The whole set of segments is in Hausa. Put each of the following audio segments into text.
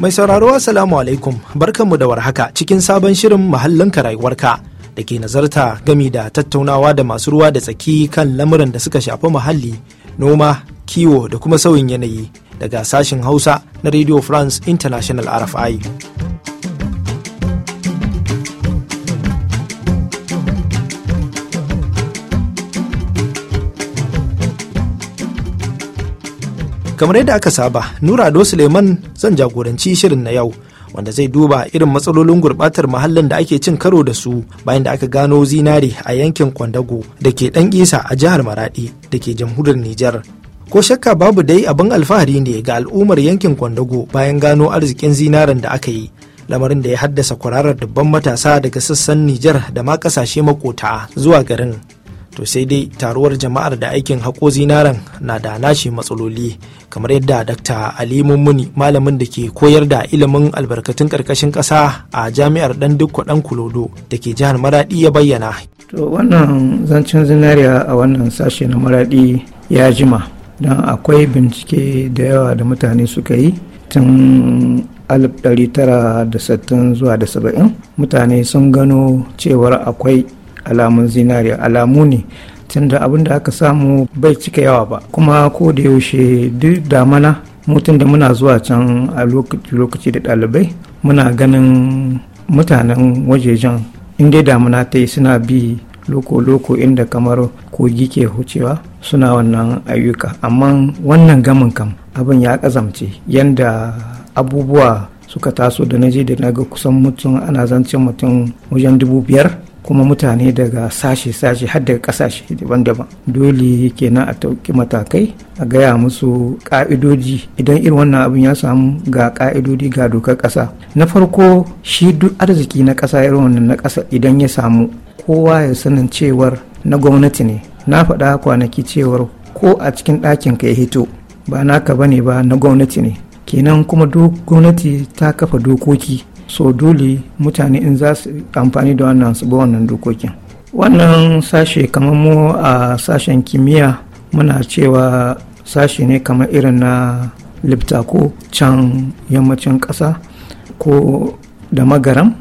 Mai sauraro Assalamu alaikum barkanmu da warhaka cikin sabon shirin muhallinka rayuwarka da ke nazarta gami da tattaunawa da masu ruwa da tsaki kan lamuran da suka shafi muhalli, noma, kiwo da kuma sauyin yanayi daga sashen Hausa na Radio France International RFI. kamar yadda aka saba nura ado suleiman zan jagoranci shirin na yau wanda zai duba irin matsalolin gurbatar muhallin da ake cin karo da su bayan da aka gano zinari a yankin kwandago da ke dan isa a jihar maradi da ke jamhuriyar nijar ko shakka babu dai abin alfahari ne ga al'ummar yankin kwandago bayan gano arzikin zinaren da aka yi lamarin da ya haddasa kwararar dubban matasa daga sassan nijar da ma kasashe makota zuwa garin to sai dai taruwar jama'ar da aikin haƙo zinaren na da nashi matsaloli kamar yadda dr ali mummuni malamin da ke koyar da ilimin albarkatun ƙarƙashin ƙasa a jami'ar dan dukko dan kulodo da ke jihar maradi ya bayyana to wannan zancen zinariya a wannan sashe na maraɗi ya jima don akwai bincike da yawa da mutane suka yi tun 1960 zuwa da 70 mutane sun gano cewar akwai alamun zinariya alamu ne tunda abin da aka samu bai cika yawa ba kuma ko da yaushe duk damana mutum da muna zuwa can a lokaci da ɗalibai muna ganin mutanen wajejen inda damuna ta yi suna bi loko-loko inda kamar kogi ke hucewa suna wannan ayyuka amma wannan gamin kam abin ya kazamce yadda abubuwa suka taso da naje da naga kusan mutum ana zancen mutum wajen dubu biyar kuma mutane daga sashe-sashe har daga kasashe daban-daban dole kenan a tauki matakai a gaya musu ka'idoji idan irin wannan abin ya samu ga ka'idodi ga dokar kasa na farko shi duk arziki na kasa irin wannan na kasa idan ya samu kowa ya sanin cewar na gwamnati ne na faɗa kwanaki cewar ko a cikin ɗakin ka ya hito ba naka bane ba na gwamnati ne kenan kuma duk gwamnati ta kafa dokoki so dole mutane in za su amfani da wannan su wannan dokokin wannan sashe kamar mu a sashen kimiyya muna cewa sashe ne kamar irin na ko can yammacin ƙasa ko da magaram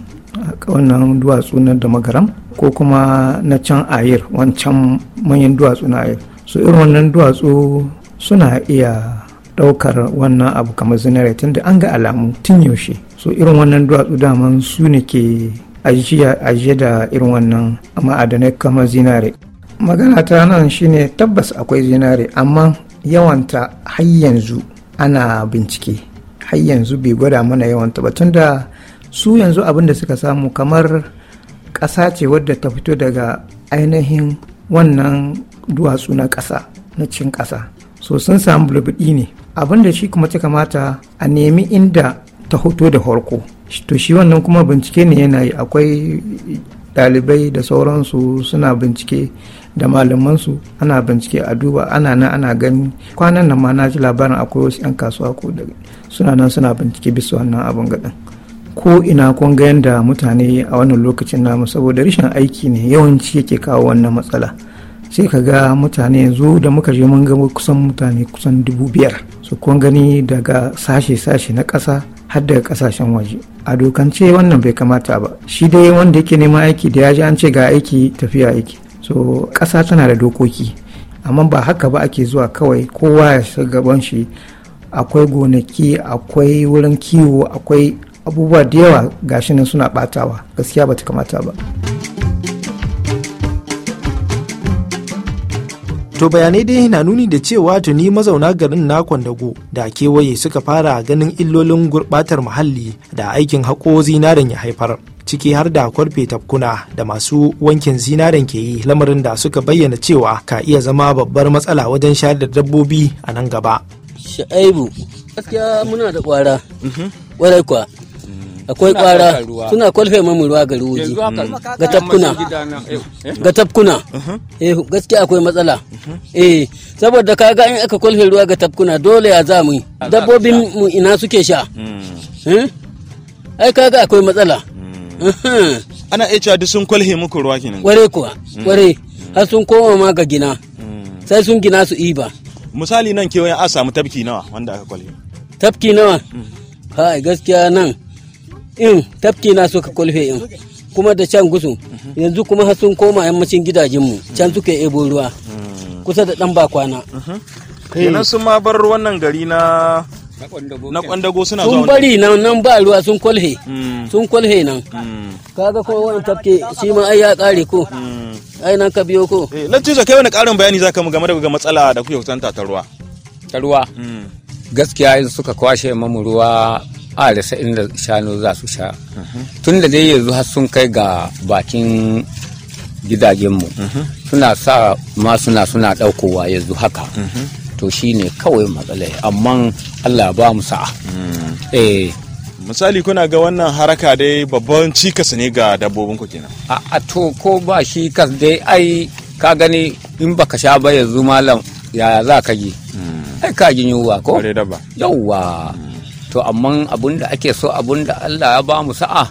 wannan duwatsu na da magaram ko kuma na can ayir wancan manyan duwatsu na ayir su irin wannan duwatsu suna iya ɗaukar wannan abu kamar zinare tun an ga alamu tun yaushe so irin wannan duwatsu daman su ne ke ajiye da irin wannan ma'adanai kamar zinare magana ta nan shine tabbas akwai zinare amma yawanta har yanzu ana bincike har yanzu bai gwada mana yawanta ba tunda su yanzu abin da suka samu kamar ƙasa ce wadda ta fito daga ainihin wannan duwatsu na ƙasa na cin ƙasa so sun samu ne abin da shi kuma ta kamata a nemi inda ta hoto da horko to shi wannan kuma bincike ne yana yi akwai dalibai da sauransu suna bincike da malamansu ana bincike a duba ana nan ana gani kwanan nan ma na ji labarin akwai wasu 'yan kasuwa ko da suna nan suna bincike bisa wannan abin gaɗin ko ina kun ga yadda mutane a wannan lokacin namu saboda rashin aiki ne yawanci yake kawo wannan matsala sai ka ga mutane yanzu da muka je mun ga kusan mutane kusan dubu biyar su kun gani daga sashe-sashe na ƙasa har daga ƙasashen waje a dokance wannan bai kamata ba shi dai wanda yake neman aiki da ya ji an ce ga aiki tafiya aiki so ƙasa tana da dokoki amma ba haka ba ake zuwa kawai kowa ya shi gaban shi akwai gonaki akwai wurin kiwo akwai abubuwa da yawa gashi nan suna batawa gaskiya bata kamata ba To bayanai dai na nuni da cewa tuni mazauna garin na Kwandago da kewaye suka fara ganin illolin gurbatar muhalli da aikin haƙo zinaren ya haifar. ciki har da kwarfe tafkuna da masu wankin zinaren ke yi lamarin da suka bayyana cewa ka iya zama babbar matsala wajen shayar da dabbobi a nan gaba. Sha'aibu, gaskiya muna da kwara, kwarai mhm. kuwa. akwai kwara suna kwalfe mamu ruwa gari wuji mm. eh, eh. ga tafkuna ga uh-huh. tafkuna eh gaskiya akwai matsala eh saboda kaga in aka kwalfe ruwa ga tafkuna dole ya zamu dabbobin mu ina suke sha mm. eh? ai kaga akwai matsala mm. ana iya cewa duk sun kwalhe muku ruwa kenan kware kuwa kware har sun koma ma ga gina sai sun gina su iba misali nan kewayen a samu tafki nawa wanda aka kwalhe tafki nawa ha gaskiya nan in tafki na suka kulfe in kuma da can gusu yanzu kuma har sun koma yammacin gidajenmu can suka ebo ruwa kusa da dan bakwana kenan sun ma bar wannan gari na na kwandago suna sun bari nan nan ba ruwa sun kulhe hmm. sun kulhe nan hmm. kaga ko wani tafke shi ma ai ya kare ko hmm. ai nan ka biyo ko eh, latiza kai wani karin bayani zaka mu game da matsala da kuke kusanta ta ruwa ta ruwa gaskiya in suka kwashe mamu ruwa a rasa inda shanu za su sha tun da dai yanzu har sun kai ga bakin gidajenmu suna sa ma suna suna daukowa yanzu haka to shi ne kawai matsalai amma allah ba mu sa'a eh misali kuna ga wannan haraka dai babban cikas ne ga dabbobin ku kenan a to ko ba shi kas dai ai ka gani in baka sha ba yanzu malam yaya za ka yi hmm. ai ka ji yunwa ko yauwa to amma abun da ake so abun da Allah ya ba mu sa'a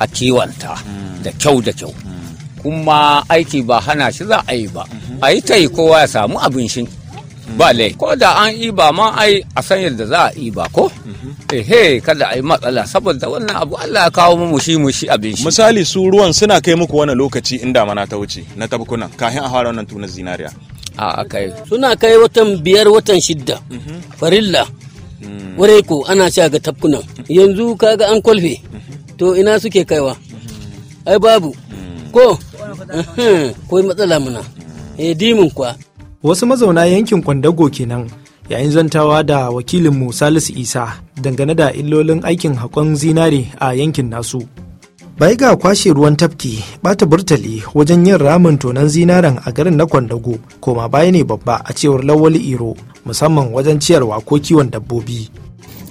a kiwanta da kyau da kyau kuma aiki ba hana shi za a yi ba a yi ta yi kowa ya samu abin shi ba lai ko da an yi ba ma ai a san yadda za a yi ba ko ehe kada a yi matsala saboda wannan abu Allah ya kawo mu shi mu shi abin shi misali su ruwan suna kai muku wani lokaci inda mana ta wuce na tabkunan kafin a fara wannan tunan zinariya a kai suna kai watan biyar watan shidda mhm. farilla warai ko ana sha ga tafkunan yanzu kaga an kwalfe to ina suke kaiwa ai babu ko ko matsala muna eh dimin kwa wasu mazauna yankin kwandago kenan yayin zantawa da wakilin mu Salisu Isa dangane da illolin aikin haƙon zinare a yankin nasu bai ga kwashe ruwan tafki bata burtali wajen yin ramin tonan zinaren a garin na kwandago koma baya ne babba a cewar lawali iro musamman wajen ciyarwa ko kiwon dabbobi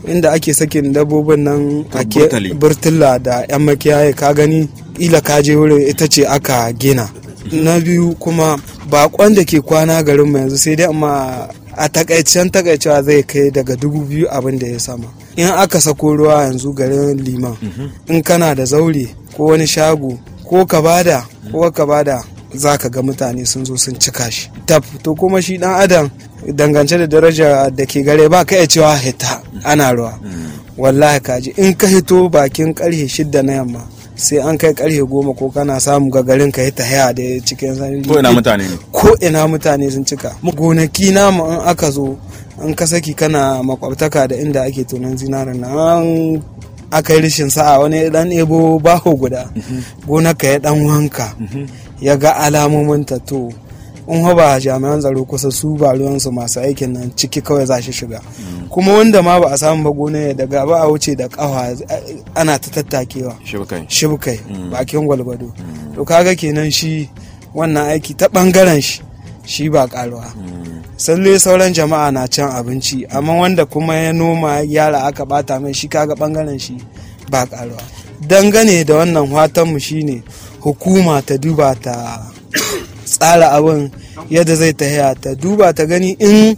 inda ake sakin dabbobin nan a burtula da yan makiyaye ka gani ila ka je wurin ita ce aka gina na biyu kuma bakon da ke kwana garin mu yanzu sai dai amma a takaicen takaicewa zai kai daga dubu biyu abin da ya sama in aka sako ruwa yanzu garin liman mhm. in kana da zaure ko wani shago ko ka bada ko ka bada za ka ga mutane sun zo sun cika shi tab to kuma shi dan adam dangance da daraja da ke gare ba ka iya cewa hita ana ruwa wallahi kaji in ka hito bakin karhe shidda na yamma sai an kai karhe goma ko kana samu ga garin ka ta haya da cikin sarari ko ina mutane ne ko ina mutane sun cika gonaki namu in aka zo an ka saki kana makwabtaka da inda ake tonon zinarin na akai aka yi rishin sa'a wani dan ebo baho guda mhm. gonaka ya dan wanka mhm. ya ga ta to in ba jami'an tsaro kusa su ba ruwansu masu aikin nan ciki kawai za shi shiga mm. kuma wanda ma ba a samu ba gona ya daga ba a wuce da kawa ana ta tattakewa shibukai mm. bakin gwalgwado mm. to kaga kenan shi wannan aiki ta bangaren shi shi ba karuwa salle sauran jama'a na can abinci amma wanda kuma ya noma yara aka bata mai shi kaga bangaren shi ba karuwa dangane da wannan fatanmu shine hukuma ta duba ta tsara abin yadda zai haya ta duba ta gani in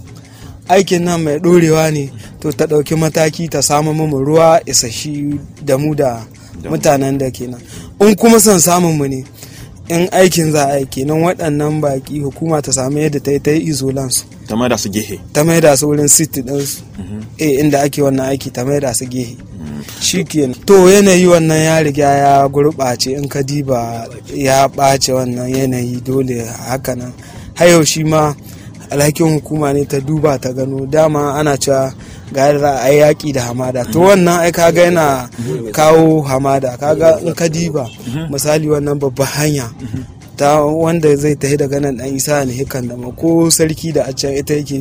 aikin nan mai ɗorewa ne to ta ɗauki mataki ta samu mu ruwa isashi da mu da mutanen da kenan in kuma son samun mu ne in aikin za a yi kenan waɗannan baƙi hukuma ta samu yadda ta yi ta yi izolansu ta maida su gehe ta maida su wurin city ɗinsu mhm. eh inda ake wannan aiki ta maida su gehe shikenan to yanayi wannan ya riga ya gurɓace in ka diba ya ɓace wannan yanayi dole hakanan hayau shi ma alhakin hukuma ne ta duba ta gano dama ana cewa ga yadda a yaƙi da hamada to wannan ai kaga yana kawo hamada kaga in ka diba misali wannan babban hanya ta wanda zai tafi daga nan dan isa ne hikan da ko sarki da a can ita yake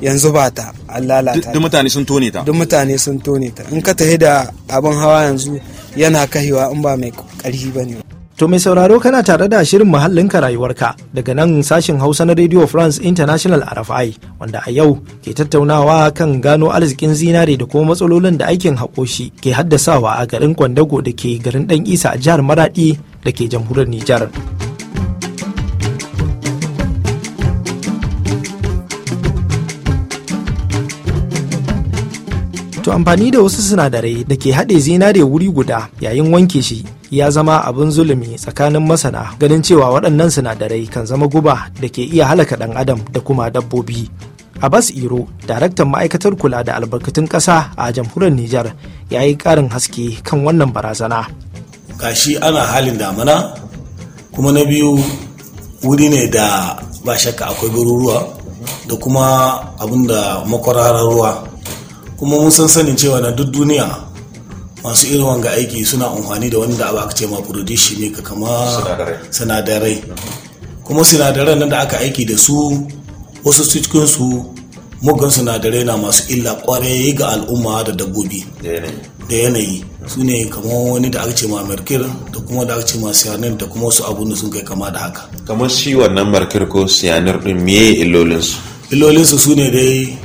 yanzu ba ta an lalata duk mutane sun tone ta duk mutane sun tone ta in ka tafi da abin hawa yanzu yana kahewa in ba mai karfi ba ne to mai sauraro kana tare da shirin ka rayuwarka daga nan sashin hausa na radio france international rfi wanda a yau ke tattaunawa kan gano arzikin zinare da kuma matsalolin da aikin haƙoshi ke haddasawa a garin kwandago da ke garin dan isa a jihar maradi da ke jamhuriyar nijar To amfani da wasu sinadarai da ke haɗe zinare wuri guda yayin wanke shi ya zama abin zulumi tsakanin masana ganin cewa waɗannan sinadarai kan zama guba da ke iya halaka ɗan adam da kuma dabbobi. Abbas Iro, daraktan ma'aikatar kula da albarkatun ƙasa a jamhuriyar Nijar, ya yi ƙarin haske kan wannan barazana. Gashi ana halin damana, kuma na biyu wuri ne da ba shakka akwai garuruwa da kuma abin da makwararar ruwa kuma mun san sanin cewa na duk duniya masu irin wanga aiki suna amfani da wanda ba aka ce ma produce ne ka kama sinadarai kuma sinadaran nan da aka aiki da su wasu cikin su mugan sinadarai na masu illa kwarai ga al'umma da dabbobi da yanayi su ne kamar wani da aka ce ma markir da kuma da aka ce ma siyanar da kuma wasu abun da sun kai kama da haka kamar shi wannan markir ko siyanar din me illolinsu illolinsu su ne dai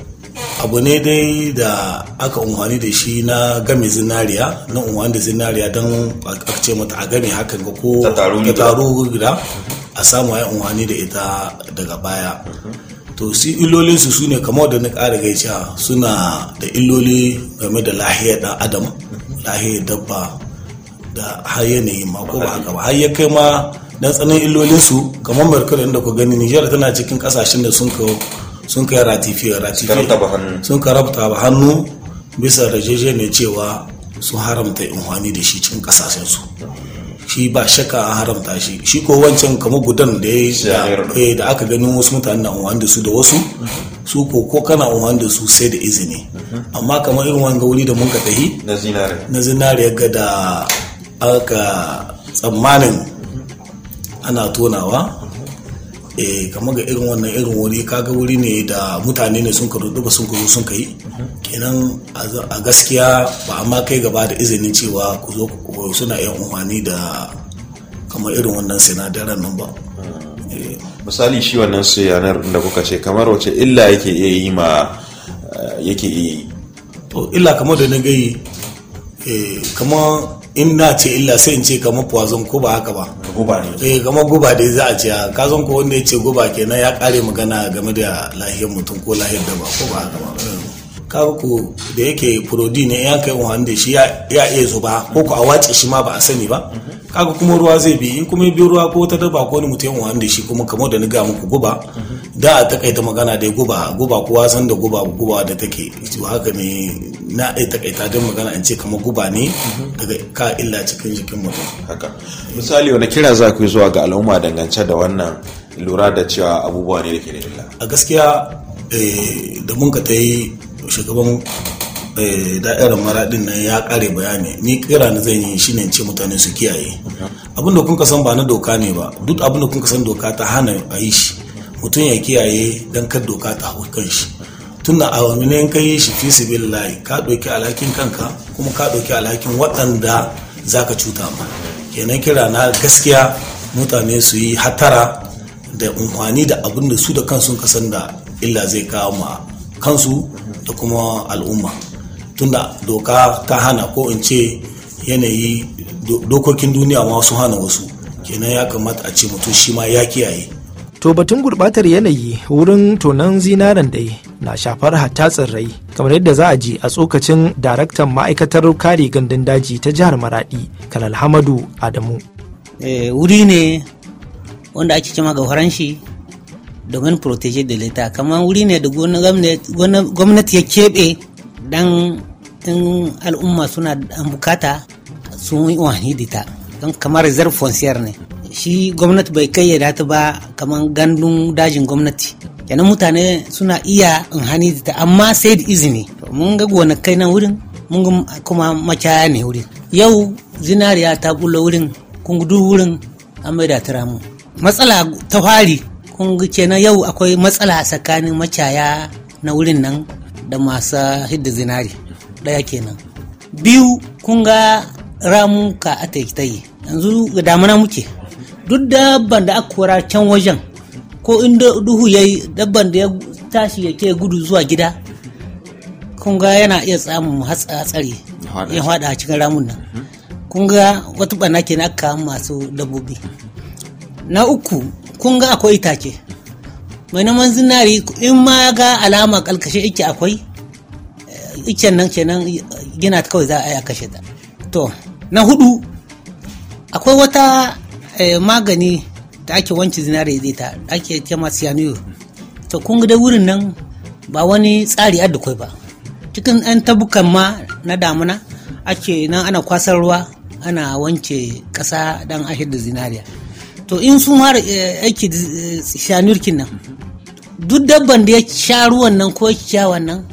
abu ne dai da aka umarni da shi na game zinariya na umarni da zinariya don a ce mata a game hakan ga ko ta taru gida a samu ya umarni da ita daga baya to si illolinsu su ne kamar da na ƙara gaiciya suna da illoli game da lahiyar dan adam lahiyar dabba da har yanayi ma ko ba haka ba har ya kai ma dan tsanin illolinsu kamar mercury da ku gani nijar tana cikin kasashen da sun kawo sun kai ratifi ratifi sun karabta ba hannu bisa da ne cewa sun haramta inhwani da shi cikin kasashensu shi ba shakka an haramta shi shi ko wancan kamar gudan da ya eh, da aka ganin wasu mutane na unwani da su da wasu su ko ko kana unwani da su sai da izini amma kamar irin wani gauri da mun ka tahi na zinariya ga da aka tsammanin ana tonawa eh kamar ga irin wannan irin wuri kaga wuri ne da mutane ne sun karu duba sun kuzo sun kai kenan a gaskiya ba amma kai gaba da izinin cewa ku zo ku suna yin umarni da kamar irin wannan sinadaran nan ba eh. misali shi wannan su yanar da kuka ce kamar wace illa yake iya yi ma eh, yake iya yi to illa kamar da na gai eh, kamar in na ce illa sai in ce kamar poison ko ba haka ba guba ne eh, kamar guba dai za a ce ka san ko wanda ya ce guba kenan ya kare magana game da lahiyar mutum ko lahiyar ba ko ba haka ba kaga ku da yake prodi ne ya kai wanda shi ya iya zuba ko ku a wace shi ma ba a sani ba kaga kuma ruwa zai bi in kuma ya bi ruwa ko ta daba ko wani mutum wanda shi kuma kamar da ni ga muku guba da a takaita magana dai guba guba kuwa san da guba guba da take to haka ne na a takaita don magana in ce kamar guba ne daga ka illa cikin jikin mutum haka misali wani kira za ku zuwa ga al'umma dangance da wannan lura da cewa abubuwa ne da ke da illa a gaskiya eh, da mun ka ta yi shugaban eh, da'irar maradin nan ya kare bayani ni kira na zan yi shine ce mutane su kiyaye abinda da ka san ba na doka ne ba duk abin da kuka san doka ta hana a yi shi mutum ya kiyaye don kar doka ta hau kan shi tunda a wani ne ka yi shi fi sibillahi ka ɗauki alhakin kanka kuma ka ɗauki alhakin waɗanda za ka cuta ma kenan kira na gaskiya mutane su yi hatara da umfani da abin da su da kansu kasan da illa zai kawo ma kansu da kuma al'umma tunda doka ta hana ko in ce yanayi dokokin duniya ma sun hana wasu kenan ya kamata a ce mutum shi ma ya kiyaye To batun gurbatar yanayi wurin tonan zinaren dai na shafar hatta tsirrai kamar yadda za a ji a tsokacin daraktan ma'aikatar kare gandun daji ta jihar maradi kanal hamadu adamu. Eh, wuri ne wanda ake kima ga faranshi domin protege da leta kamar wuri ne da gwamnati ya keɓe don in al'umma suna bukata sun yi wani dita kamar reserve fonciyar ne shi gwamnati bai kayyada ta ba kamar gandun dajin gwamnati kenan mutane suna iya in hani da amma sai da izini mun ga gona kai nan wurin mun ga kuma macaya ne wurin yau zinariya ta bula wurin kun gudu wurin an mai da ramu matsala ta fari kun kenan yau akwai matsala tsakanin macaya na wurin nan da masu hidda zinari daya kenan biyu kun ga ramuka a ta yi yanzu ga damuna muke duk dabban da aka kora can wajen ko in duhu ya yi dabban da ya tashi ya ke gudu zuwa gida kunga yana iya samun hatsari ya hada cikin ramun nan kunga wata bana ke na kawo masu dabbobi na uku kunga akwai itace mai naman zinari in ma ga alama kalkashe ike akwai eh, iken nan kenan gina kawai za a yi a kashe ta to na hudu akwai wata Eh, magani da ake wanke zinare zai ta ake kema cyanure to kun ga wurin nan ba wani tsari adda kai ba cikin yan tabukan ma na damuna ake nan ana kwasar ruwa ana wanke kasa dan ahir da zinariya to in su ma eh, aiki shanurkin eh, nan duk dabban da ya sha ruwan nan ko ciyawan wannan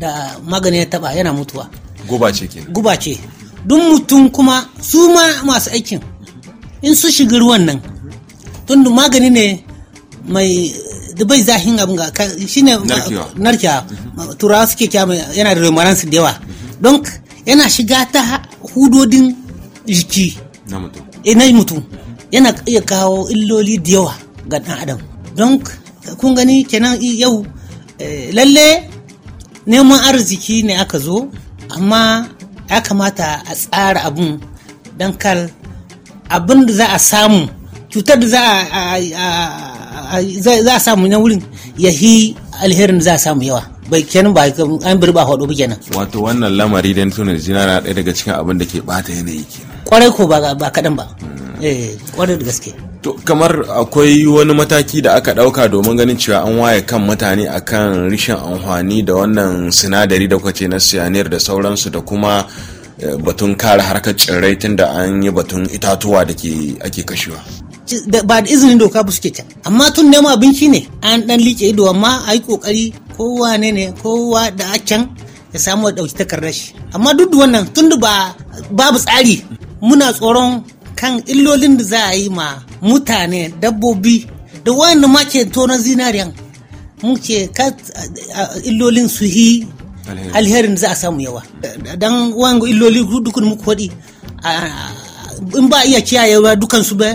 da magani ya taba yana mutuwa guba ce guba ce duk mutum kuma su ma masu aikin in su shiga ruwan nan tun magani ne mai da bai zahin abin ga shine narkewa turawa suke kyama yana da remarans su dewa don yana shiga ta hudodin jiki eh, na mutum yana iya kawo illoli da yawa ga dan adam don kun gani kenan yau eh, lalle neman arziki ne aka zo amma ya kamata a tsara abun don kal abin da za a samu cutar da za a samu na wurin ya yi alherin za a samu yawa bai kenan ba an birba hudu ba kenan wato wannan lamari dan tunan jina na ɗaya daga cikin abin da ke bata yanayi kenan kwarai ko ba kaɗan ba eh kwarai da gaske to kamar akwai wani mataki da aka ɗauka domin ganin cewa an waye kan mutane akan rishin amfani da wannan sinadari da kwace na siyaniyar da sauransu da kuma batun kare harkar tsirrai tunda an yi batun itatuwa da ake kashewa ba da izinin doka ba suke can amma tun nema abinci ne an dan liƙe ido amma a yi kokari kowa ne ne kowa da a can ya samu da ɗauki takardar shi amma duk da wannan tun ba babu tsari muna tsoron kan illolin da za a yi ma mutane dabbobi da wayan ma ke tonon zinariyan ce illolin su yi alherin za a samu yawa dan wango illoli dukkan muku hudu in ba iya kiyayewa dukan su ba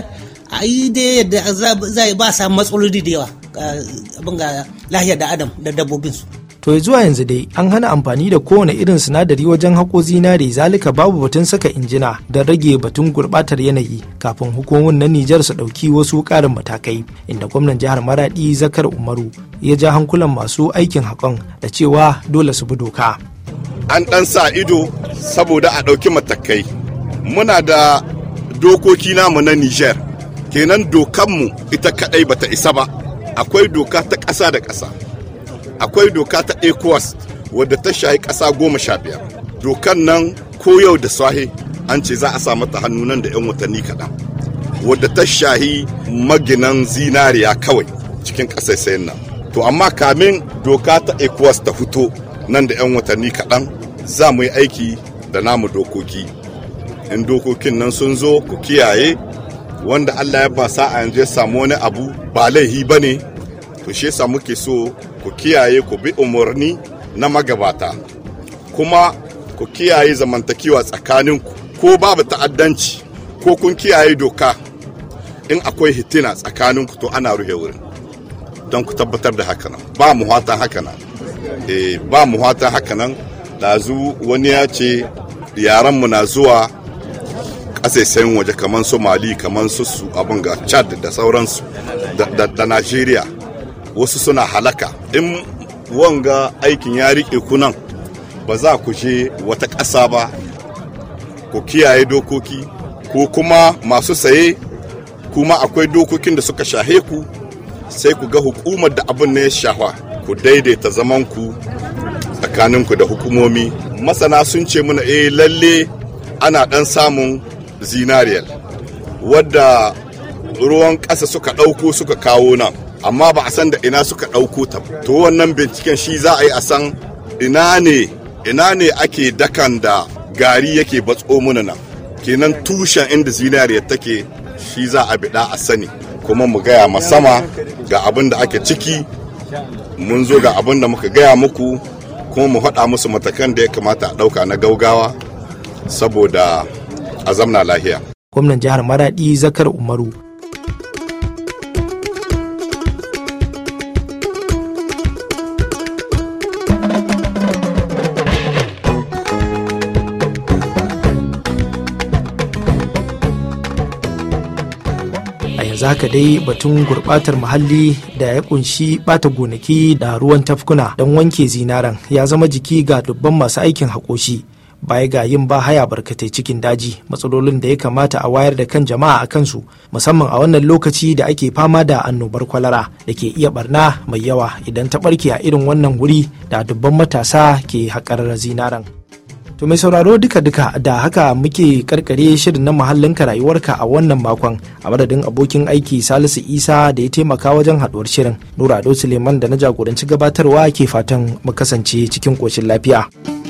a yi dai yadda za ba samu matsaloli da yawa abin ga lahiyar da adam da dabbobinsu. to zuwa yanzu dai an hana amfani da kowane irin sinadari wajen hako zinare zalika babu batun saka injina da rage batun gurbatar yanayi kafin hukumomin na Nijar su dauki wasu karin matakai inda gwamnan jihar Maradi Zakar Umaru ya ja hankulan masu aikin hakon da cewa dole su bi doka. An ɗan sa ido saboda a ɗauki matakai. Muna da dokoki namu na Nijar kenan mu ita kadai bata isa ba akwai doka ta kasa da kasa. akwai doka ta ecowas wadda ta shahi kasa goma sha biyar dokan nan ko yau da sahi an ce za a sa mata hannu nan da 'yan watanni kaɗan wadda ta shahi maginan zinariya kawai cikin sayan nan to amma kamin doka ta ecowas ta fito nan da 'yan watanni kaɗan za mu yi aiki da namu dokoki in dokokin nan sun zo ku kiyaye wanda allah ya ba a yanzu ya samu wani abu ba laifi ba ne to shi yasa muke so ku kiyaye ku bi umarni na magabata kuma ku kiyaye zamantakewa tsakaninku ko babu ta'addanci ko kun kiyaye doka in akwai hitina tsakaninku to ana ruhe wurin don ku tabbatar da hakanan ba mu hata hakanan e, eh, ba mu hata hakanan ɗazu wani ya ce yaranmu na zuwa ƙasashen waje kamar su mali kamar su su abin ga chad da sauransu da nigeria wasu suna halaka in wanga aikin ya riƙe kunan ba za ku je wata ƙasa ba ku kiyaye dokoki ko kuma masu saye kuma akwai dokokin da suka shahe ku sai ku ga hukumar da abin ne ya shafa ku daidaita zamanku tsakaninku da hukumomi masana sun ce mana e lalle ana ɗan samun zinariyar wadda ruwan ƙasa suka ɗauko suka kawo nan amma ba a san da ina suka ɗauko ta to wannan binciken shi za a yi a san ina ne ina ne ake dakan da gari yake batso muna nan kenan tushen inda zinariya take shi za a biɗa a sani kuma mu gaya ma sama ga abin da ake ciki mun zo ga abin da muka gaya muku kuma mu faɗa musu matakan da ya kamata a ɗauka na gaugawa saboda a zamna lahiya gwamnan jihar maraɗi zakar umaru za haka dai batun gurbatar muhalli da ya kunshi bata gonaki da ruwan tafkuna don wanke zinaren ya zama jiki ga dubban masu aikin haƙoshi baya ga yin ba haya barkatai cikin daji matsalolin da ya kamata a wayar da kan jama'a a kansu musamman a wannan lokaci da ake fama da annobar kwalara da ke iya barna mai yawa idan ta barke a irin wannan wuri da dubban matasa ke haƙar zinaren. To mai sauraro duka-duka da haka muke karkare shirin na muhallin rayuwarka a wannan makon a madadin abokin aiki Salisu Isa da ya taimaka wajen haduwar shirin. Nura Ado Suleiman da na jagoranci gabatarwa ke fatan mu kasance cikin koshin lafiya.